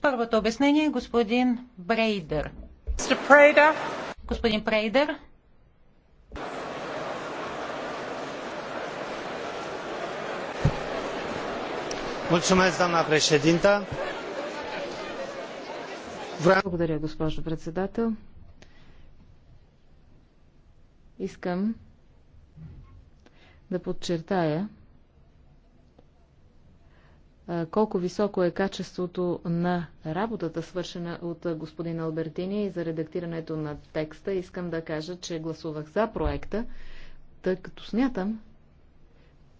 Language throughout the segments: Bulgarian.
Първото обяснение е господин Брейдер. Господин Брейдер. Благодаря, госпожо председател. Искам да подчертая, колко високо е качеството на работата, свършена от господин Албертини и за редактирането на текста. Искам да кажа, че гласувах за проекта, тъй като смятам,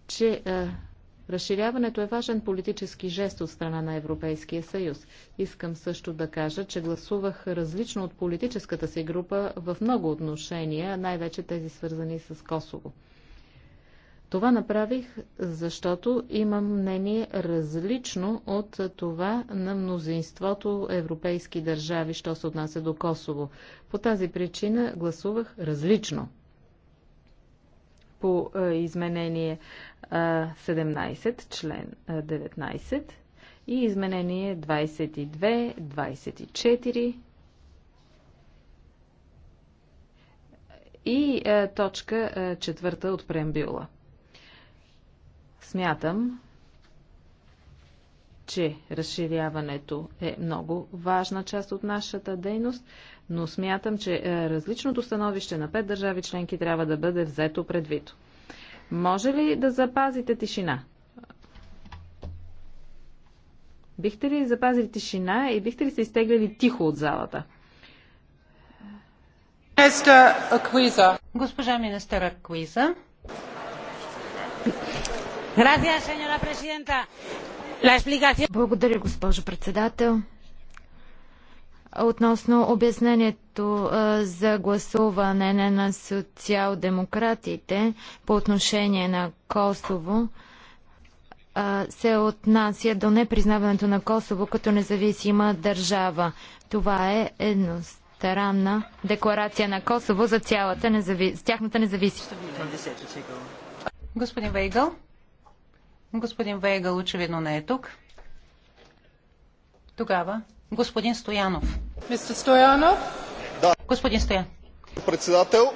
че а, разширяването е важен политически жест от страна на Европейския съюз. Искам също да кажа, че гласувах различно от политическата си група в много отношения, най-вече тези свързани с Косово. Това направих, защото имам мнение различно от това на мнозинството европейски държави, що се отнася до Косово. По тази причина гласувах различно по е, изменение 17, член 19 и изменение 22, 24 и е, точка е, четвърта от преамбюла. Смятам, че разширяването е много важна част от нашата дейност, но смятам, че е, различното становище на пет държави членки трябва да бъде взето предвид. Може ли да запазите тишина? Бихте ли запазили тишина и бихте ли се изтегляли тихо от залата? Госпожа министър Аквиза. Благодаря, госпожо председател. Относно обяснението за гласуване на социал-демократите по отношение на Косово, се отнася до непризнаването на Косово като независима държава. Това е едностранна декларация на Косово за цялата тяхната независимост. Господин Вейгъл. Господин Вейгъл очевидно не е тук. Тогава господин Стоянов. Мистер Стоянов? Да. Господин Стоян. Председател,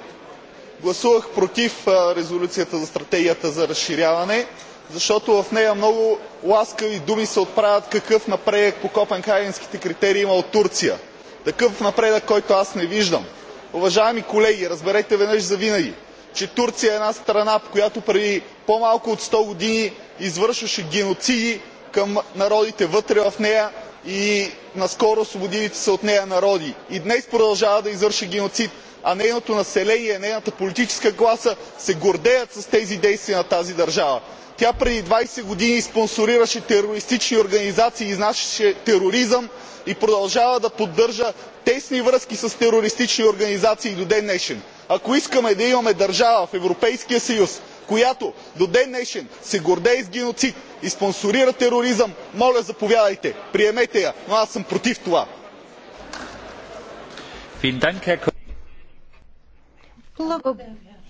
гласувах против резолюцията за стратегията за разширяване, защото в нея много ласкави думи се отправят какъв напредък по копенхагенските критерии има от Турция. Такъв напредък, който аз не виждам. Уважаеми колеги, разберете веднъж завинаги, че Турция е една страна, която преди по малко от сто години извършваше геноциди към народите вътре в нея и наскоро освободилите се от нея народи. И днес продължава да извършва геноцид, а нейното население, нейната политическа класа се гордеят с тези действия на тази държава. Тя преди 20 години спонсорираше терористични организации, изнасяше тероризъм и продължава да поддържа тесни връзки с терористични организации до ден днешен. Ако искаме да имаме държава в Европейския съюз, която до ден днешен се гордее с геноцид и спонсорира тероризъм, моля заповядайте, приемете я, но аз съм против това.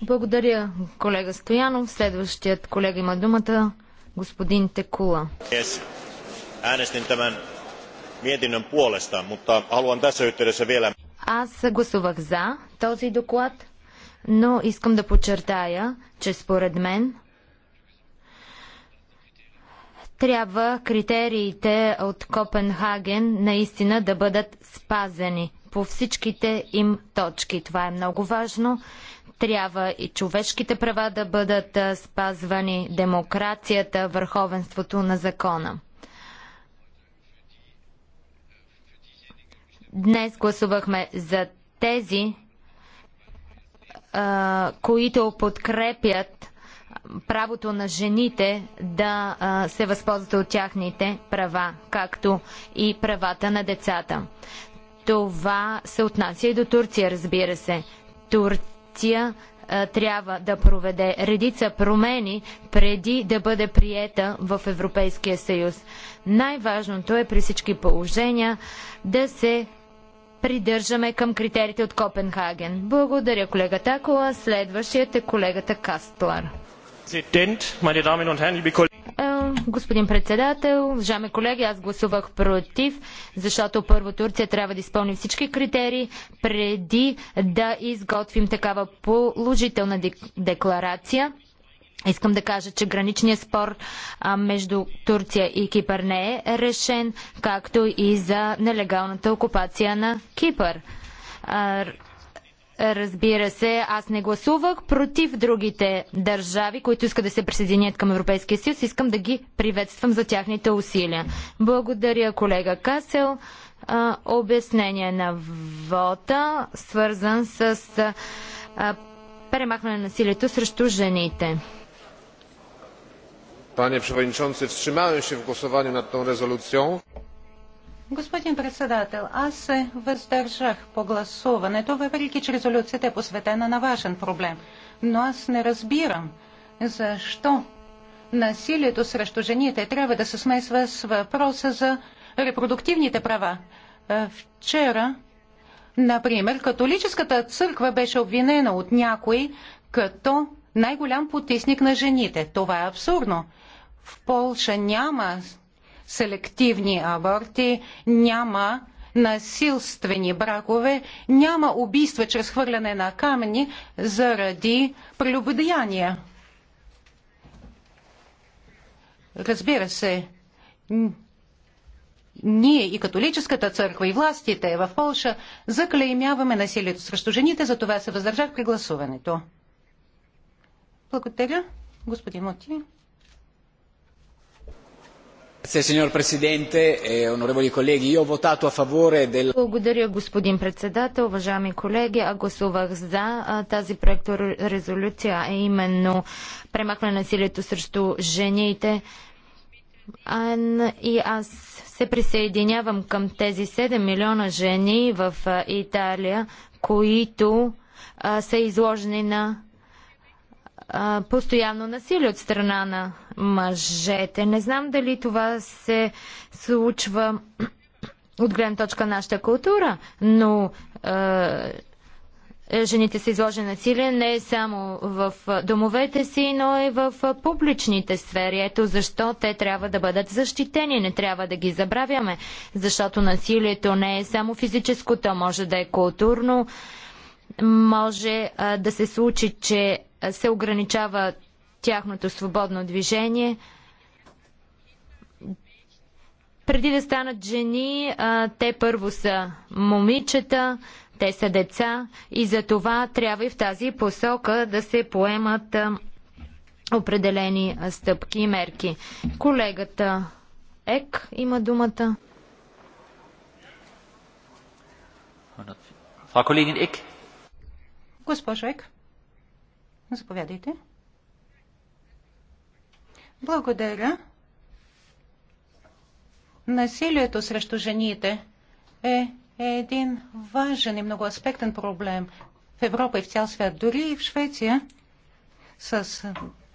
Благодаря, колега Стоянов. Следващият колега има думата, господин Текула. Аз гласувах за този доклад, но искам да подчертая, че според мен трябва критериите от Копенхаген наистина да бъдат спазени по всичките им точки. Това е много важно. Трябва и човешките права да бъдат спазвани, демокрацията, върховенството на закона. Днес гласувахме за тези, които подкрепят правото на жените да се възползват от тяхните права, както и правата на децата. Това се отнася и до Турция, разбира се. Турция трябва да проведе редица промени преди да бъде приета в Европейския съюз. Най-важното е при всички положения да се придържаме към критериите от Копенхаген. Благодаря, колега Такола. Следващият е колегата Кастлар. Господин председател, уважаеми колеги, аз гласувах против, защото първо Турция трябва да изпълни всички критерии преди да изготвим такава положителна декларация. Искам да кажа, че граничният спор а, между Турция и Кипър не е решен, както и за нелегалната окупация на Кипър. А, разбира се, аз не гласувах против другите държави, които искат да се присъединят към Европейския съюз. Искам да ги приветствам за тяхните усилия. Благодаря, колега Касел. А, обяснение на вота, свързан с премахване на насилието срещу жените. Panie przewodniczący, wstrzymałem się w głosowaniu nad tą резолюcją. Господин председател, аз се въздържах по гласуването, въпреки че резолюцията е посветена на важен проблем. Но аз не разбирам защо насилието срещу жените трябва да се смесва с въпроса за репродуктивните права. Е, вчера, например, католическата църква беше обвинена от някой като най-голям потисник на жените. Това е абсурдно. В Полша няма селективни аборти, няма насилствени бракове, няма убийства чрез хвърляне на камъни заради прелюбодеяния. Разбира се, ние и католическата църква и властите в Польша заклеймяваме насилието срещу жените, за това се въздържах при гласуването. Благодаря, господин Моти. Signor Presidente, e onorevoli colleghi, io ho votato a favore del... Благодаря, господин председател, уважаеми колеги. А гласувах за тази резолюция, а именно премахване на насилието срещу жените. А, и аз се присъединявам към тези 7 милиона жени в Италия, които а, са изложени на а, постоянно насилие от страна на мъжете. Не знам дали това се случва от гледна точка на нашата култура, но е, жените са изложени насилие не само в е, домовете си, но и в е, публичните сфери. Ето защо те трябва да бъдат защитени, не трябва да ги забравяме, защото насилието не е само физическо, то може да е културно, може е, да се случи, че се ограничава тяхното свободно движение. Преди да станат жени, те първо са момичета, те са деца и за това трябва и в тази посока да се поемат определени стъпки и мерки. Колегата Ек има думата. Госпожо Ек, заповядайте. Благодаря. Насилието срещу жените е един важен и многоаспектен проблем в Европа и в цял свят. Дори и в Швеция с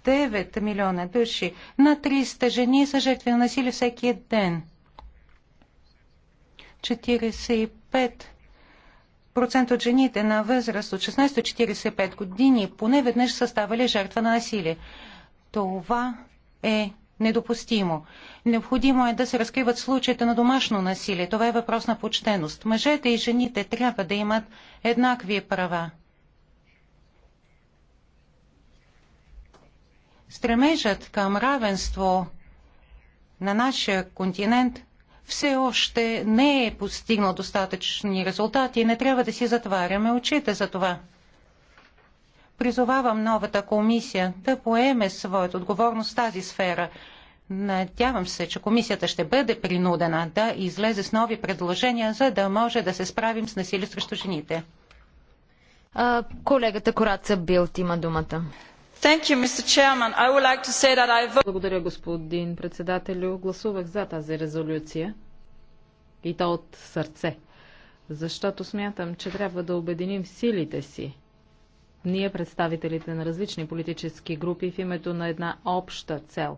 9 милиона души на 300 жени са жертви на насилие всеки ден. 45 от жените на възраст от 16 45 години поне веднъж са ставали жертва на насилие. Това е недопустимо. Необходимо е да се разкриват случаите на домашно насилие. Това е въпрос на почтеност. Мъжете и жените трябва да имат еднакви права. Стремежът към равенство на нашия континент все още не е постигнал достатъчни резултати и не трябва да си затваряме очите за това. Призовавам новата комисия да поеме своята отговорност в тази сфера. Надявам се, че комисията ще бъде принудена да излезе с нови предложения, за да може да се справим с насилие срещу жените. А, колегата Кораца Билт има думата. Благодаря, господин председателю. Гласувах за тази резолюция и то от сърце, защото смятам, че трябва да обединим силите си ние, представителите на различни политически групи, в името на една обща цел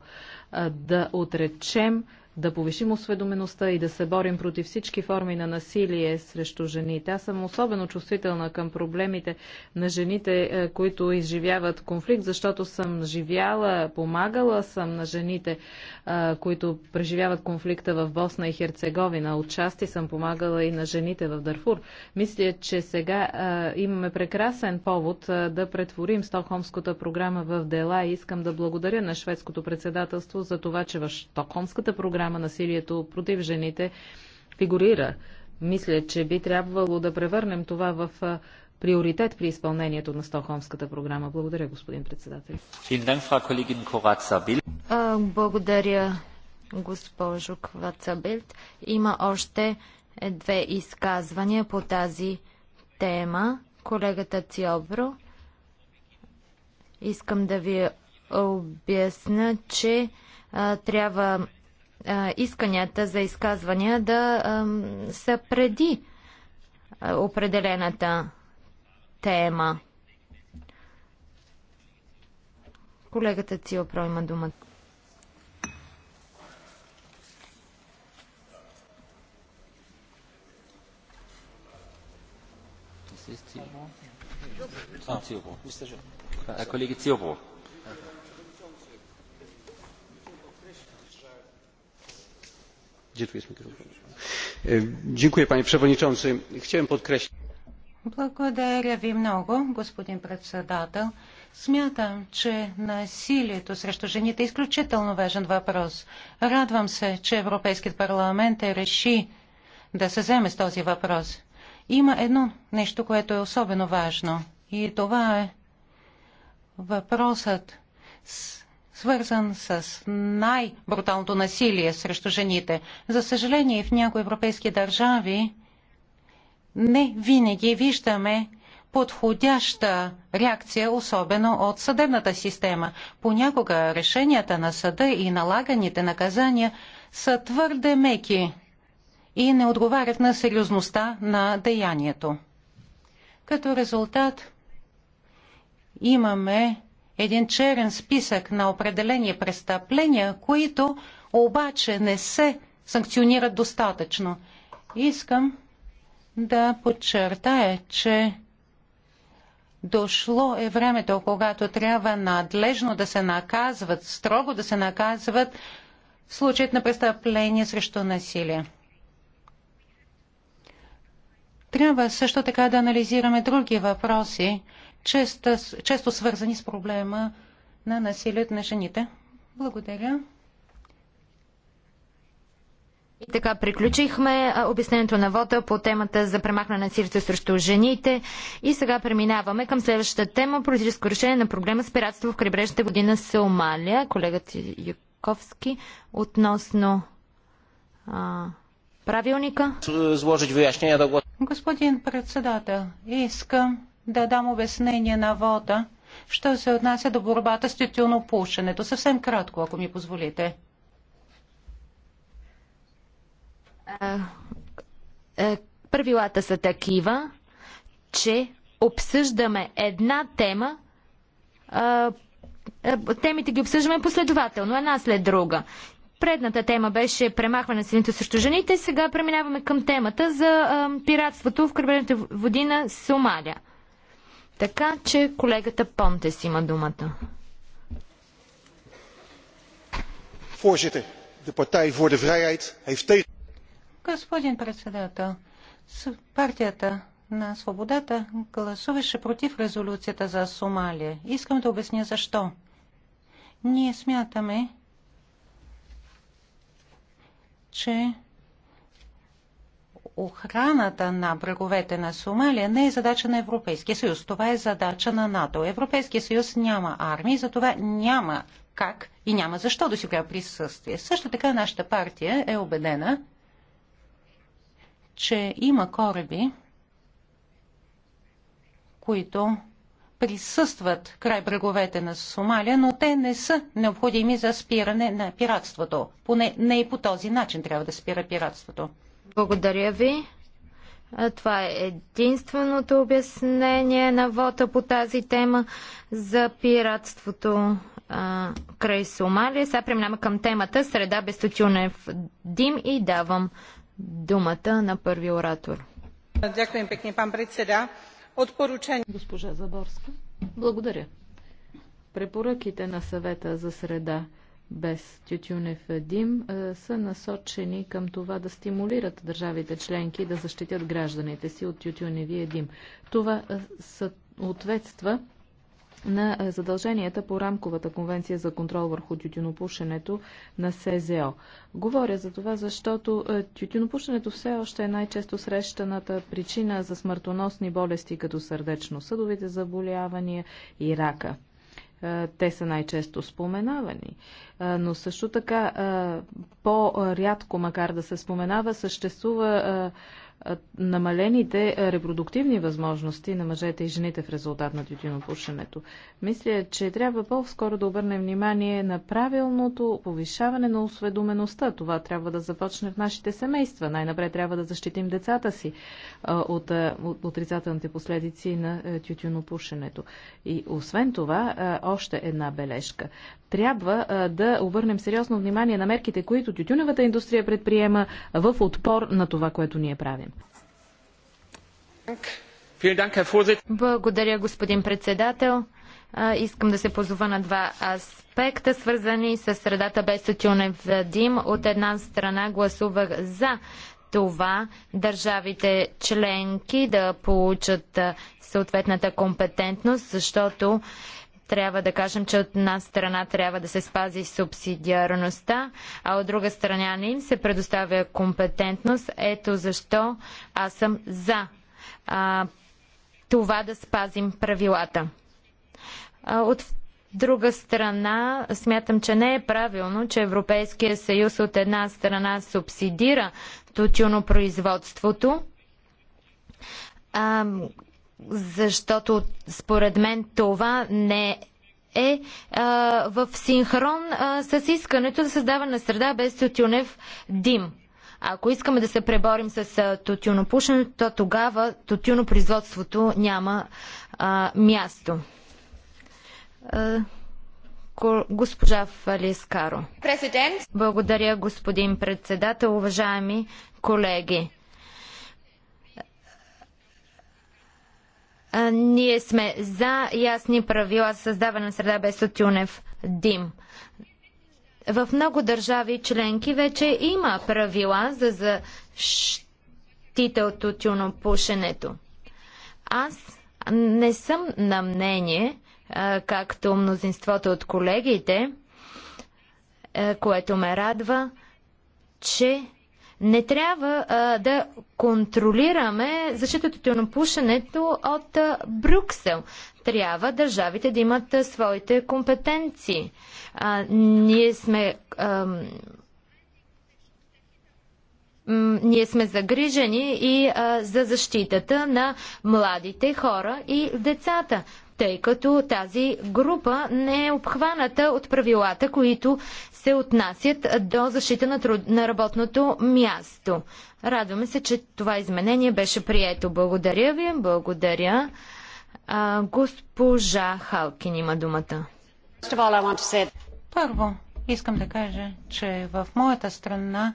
да отречем да повишим осведомеността и да се борим против всички форми на насилие срещу жените. Аз съм особено чувствителна към проблемите на жените, е, които изживяват конфликт, защото съм живяла, помагала съм на жените, е, които преживяват конфликта в Босна и Херцеговина. Отчасти съм помагала и на жените в Дарфур. Мисля, че сега е, имаме прекрасен повод да претворим Стокхомската програма в дела и искам да благодаря на шведското председателство за това, че в Стокхомската програма програма насилието против жените фигурира. Мисля, че би трябвало да превърнем това в приоритет при изпълнението на Стокхолмската програма. Благодаря, господин председател. Благодаря, госпожо Квацабилт. Има още две изказвания по тази тема. Колегата Циобро, искам да ви обясна, че а, трябва исканията за изказвания да са преди определената тема. Колегата Циопро има думата. Колеги А, Циопро. E, Благодаря ви много, господин Смятам, че насилието срещу жените е изключително важен въпрос. Радвам се, че Европейският парламент е реши да се вземе с този въпрос. Има едно нещо, което е особено важно и това е въпросът с свързан с най-бруталното насилие срещу жените. За съжаление, в някои европейски държави не винаги виждаме подходяща реакция, особено от съдебната система. Понякога решенията на съда и налаганите наказания са твърде меки и не отговарят на сериозността на деянието. Като резултат имаме един черен списък на определени престъпления, които обаче не се санкционират достатъчно. Искам да подчертая, че дошло е времето, когато трябва надлежно да се наказват, строго да се наказват случаите на престъпление срещу насилие. Трябва също така да анализираме други въпроси, често, често свързани с проблема на насилието на жените. Благодаря. И така приключихме обяснението на вода по темата за премахване на насилието срещу жените. И сега преминаваме към следващата тема политическо решение на проблема с пиратство в крайбрежната година Сомалия. Колегът Юковски относно а, правилника. Господин председател, искам да дам обяснение на вода, що се отнася до борбата с тютюнопушенето. Съвсем кратко, ако ми позволите. Е, правилата са такива, че обсъждаме една тема, е, темите ги обсъждаме последователно, една след друга. Предната тема беше премахване на сините срещу жените. Сега преминаваме към темата за пиратството в кръвената води на Сомалия. Така че колегата Понтес има думата. Voorzitter, de Partij voor de Vrijheid heeft tegen... Господин председател, партията на свободата гласуваше против резолюцията за Сомалия. Искам да обясня защо. Ние смятаме, че охраната на бреговете на Сомалия не е задача на Европейския съюз. Това е задача на НАТО. Европейския съюз няма армии, затова няма как и няма защо да си играе присъствие. Също така нашата партия е убедена, че има кораби, които присъстват край бреговете на Сомалия, но те не са необходими за спиране на пиратството. Поне не и по този начин трябва да спира пиратството. Благодаря ви. Това е единственото обяснение на вота по тази тема за пиратството а, край Сомалия. Сега преминаваме към темата Среда без тютюнев дим и давам думата на първи оратор. Дякуем пекни, пан председа. Отпоручение. Госпожа Заборска. Благодаря. Препоръките на съвета за среда без тютюнев дим са насочени към това да стимулират държавите членки да защитят гражданите си от тютюневия дим. Това съответства на задълженията по рамковата конвенция за контрол върху тютюнопушенето на СЗО. Говоря за това, защото тютюнопушенето все още е най-често срещаната причина за смъртоносни болести, като сърдечно-съдовите заболявания и рака те са най-често споменавани. Но също така по-рядко, макар да се споменава, съществува намалените репродуктивни възможности на мъжете и жените в резултат на тютюнопушенето. Мисля, че трябва по-скоро да обърнем внимание на правилното повишаване на осведомеността. Това трябва да започне в нашите семейства. Най-напред трябва да защитим децата си от отрицателните последици на тютюнопушенето. И освен това, още една бележка. Трябва да обърнем сериозно внимание на мерките, които тютюневата индустрия предприема в отпор на това, което ние правим. Благодаря, господин председател. Искам да се позова на два аспекта, свързани с средата без тютюнев дим. От една страна гласувах за това държавите членки да получат съответната компетентност, защото трябва да кажем, че от една страна трябва да се спази субсидиарността, а от друга страна не им се предоставя компетентност. Ето защо аз съм за а, това да спазим правилата. А, от друга страна, смятам, че не е правилно, че Европейския съюз от една страна субсидира тютюнопроизводството, а, защото според мен това не е е а, в синхрон а, с искането за да създаване на среда без тютюнев дим. Ако искаме да се преборим с тютюнопушенето, то тогава тютюнопроизводството няма а, място. А, госпожа Фалискаро. Президент. Благодаря, господин председател, уважаеми колеги. ние сме за ясни правила за създаване на среда без тютюнев дим. В много държави членки вече има правила за защита от тютюнопушенето. Аз не съм на мнение, както мнозинството от колегите, което ме радва, че не трябва да контролираме защитата на пушенето от Брюксел трябва държавите да имат своите компетенции. А, ние сме. Ам, ние сме загрижени и а, за защитата на младите хора и децата, тъй като тази група не е обхваната от правилата, които се отнасят до защита на, труд... на работното място. Радваме се, че това изменение беше прието. Благодаря ви, благодаря. А, госпожа Халкин има думата. Първо, искам да кажа, че в моята страна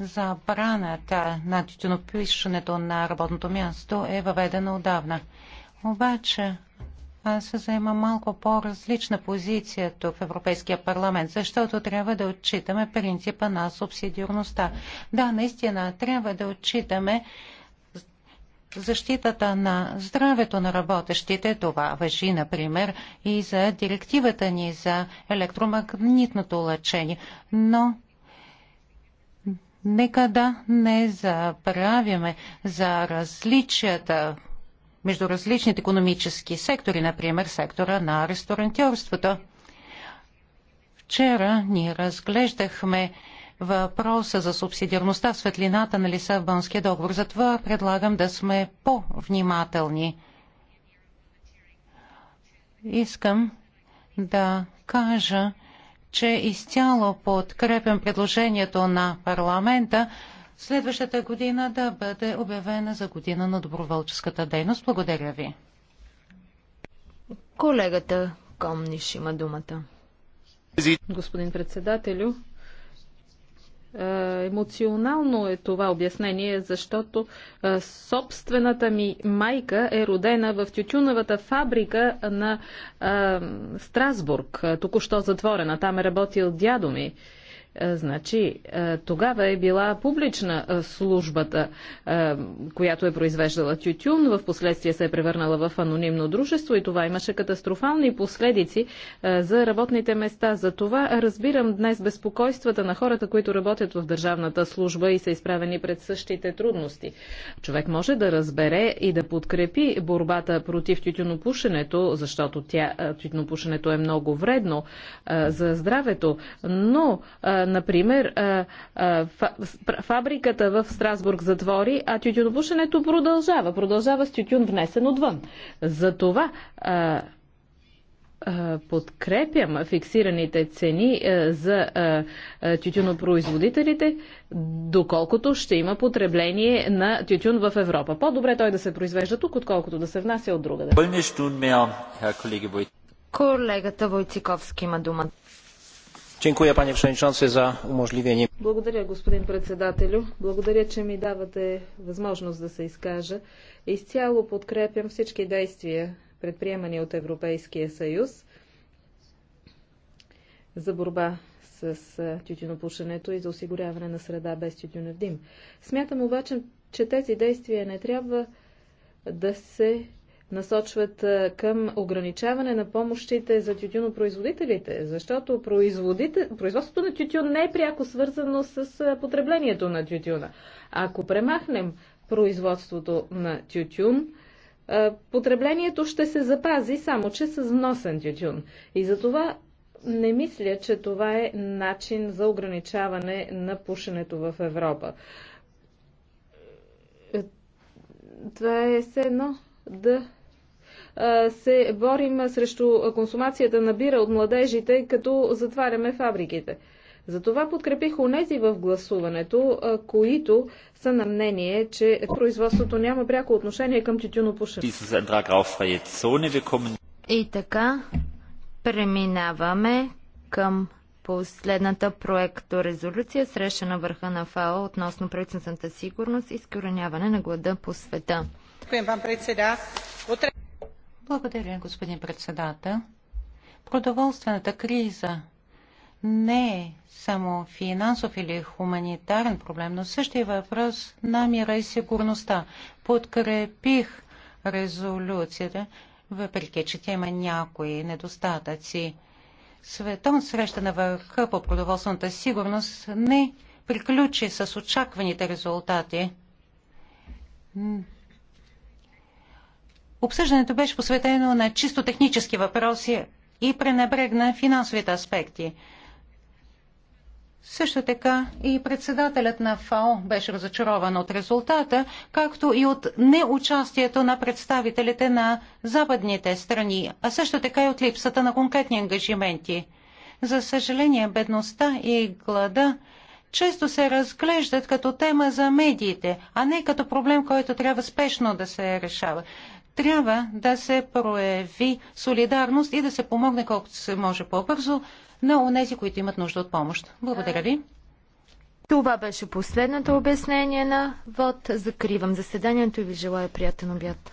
забраната на тютюнопишенето на работното място е въведена отдавна. Обаче аз се заема малко по-различна позиция тук в Европейския парламент, защото трябва да отчитаме принципа на субсидиорността. Да, наистина, трябва да отчитаме защитата на здравето на работещите. Това въжи, например, и за директивата ни за електромагнитното лъчение. Но нека да не забравяме за различията между различните економически сектори, например сектора на ресторантьорството. Вчера ние разглеждахме въпроса за субсидиарността в светлината на Лисабонския договор. Затова предлагам да сме по-внимателни. Искам да кажа, че изцяло подкрепям предложението на парламента следващата година да бъде обявена за година на доброволческата дейност. Благодаря ви. Колегата Комниш има думата. Господин председателю, е, емоционално е това обяснение, защото е, собствената ми майка е родена в тютюновата фабрика на е, Страсбург, току-що затворена. Там е работил дядо ми. Е, значи, е, тогава е била публична е, службата, която е произвеждала тютюн, в последствие се е превърнала в анонимно дружество и това имаше катастрофални последици за работните места. За това разбирам днес безпокойствата на хората, които работят в държавната служба и са изправени пред същите трудности. Човек може да разбере и да подкрепи борбата против тютюнопушенето, защото тя, тютюнопушенето е много вредно за здравето, но Например, фабриката в Страсбург затвори, а тютюнопушенето продължава. Продължава с тютюн внесен отвън. За това подкрепям фиксираните цени за тютюнопроизводителите, доколкото ще има потребление на тютюн в Европа. По-добре той да се произвежда тук, отколкото да се внася от другаде. Колегата Войциковски има думата. Благодаря, господин председателю. Благодаря, че ми давате възможност да се изкажа. Изцяло подкрепям всички действия, предприемани от Европейския съюз за борба с тютюнопушенето и за осигуряване на среда без тютюнев дим. Смятам обаче, че тези действия не трябва да се насочват към ограничаване на помощите за тютюнопроизводителите, защото производството на тютюн не е пряко свързано с потреблението на тютюна. Ако премахнем производството на тютюн, потреблението ще се запази само, че с вносен тютюн. И затова не мисля, че това е начин за ограничаване на пушенето в Европа. Е, това е все едно да се борим срещу консумацията на бира от младежите, като затваряме фабриките. Затова подкрепих унези в гласуването, които са на мнение, че производството няма пряко отношение към тютюнопушенето. И така, преминаваме към последната проекто резолюция, среща на върха на ФАО относно правителствената сигурност и скороняване на глада по света. вам, благодаря, господин председател. Продоволствената криза не е само финансов или хуманитарен проблем, но също е въпрос на мира и сигурността. Подкрепих резолюцията, въпреки че тя има някои недостатъци. Светон среща на върха по продоволствената сигурност не приключи с очакваните резултати. Обсъждането беше посветено на чисто технически въпроси и пренебрегна финансовите аспекти. Също така и председателят на ФАО беше разочарован от резултата, както и от неучастието на представителите на западните страни, а също така и от липсата на конкретни ангажименти. За съжаление, бедността и глада често се разглеждат като тема за медиите, а не като проблем, който трябва спешно да се решава трябва да се прояви солидарност и да се помогне колкото се може по-бързо на онези, които имат нужда от помощ. Благодаря ви. Това беше последното обяснение на ВОД. Закривам заседанието и ви желая приятен обяд.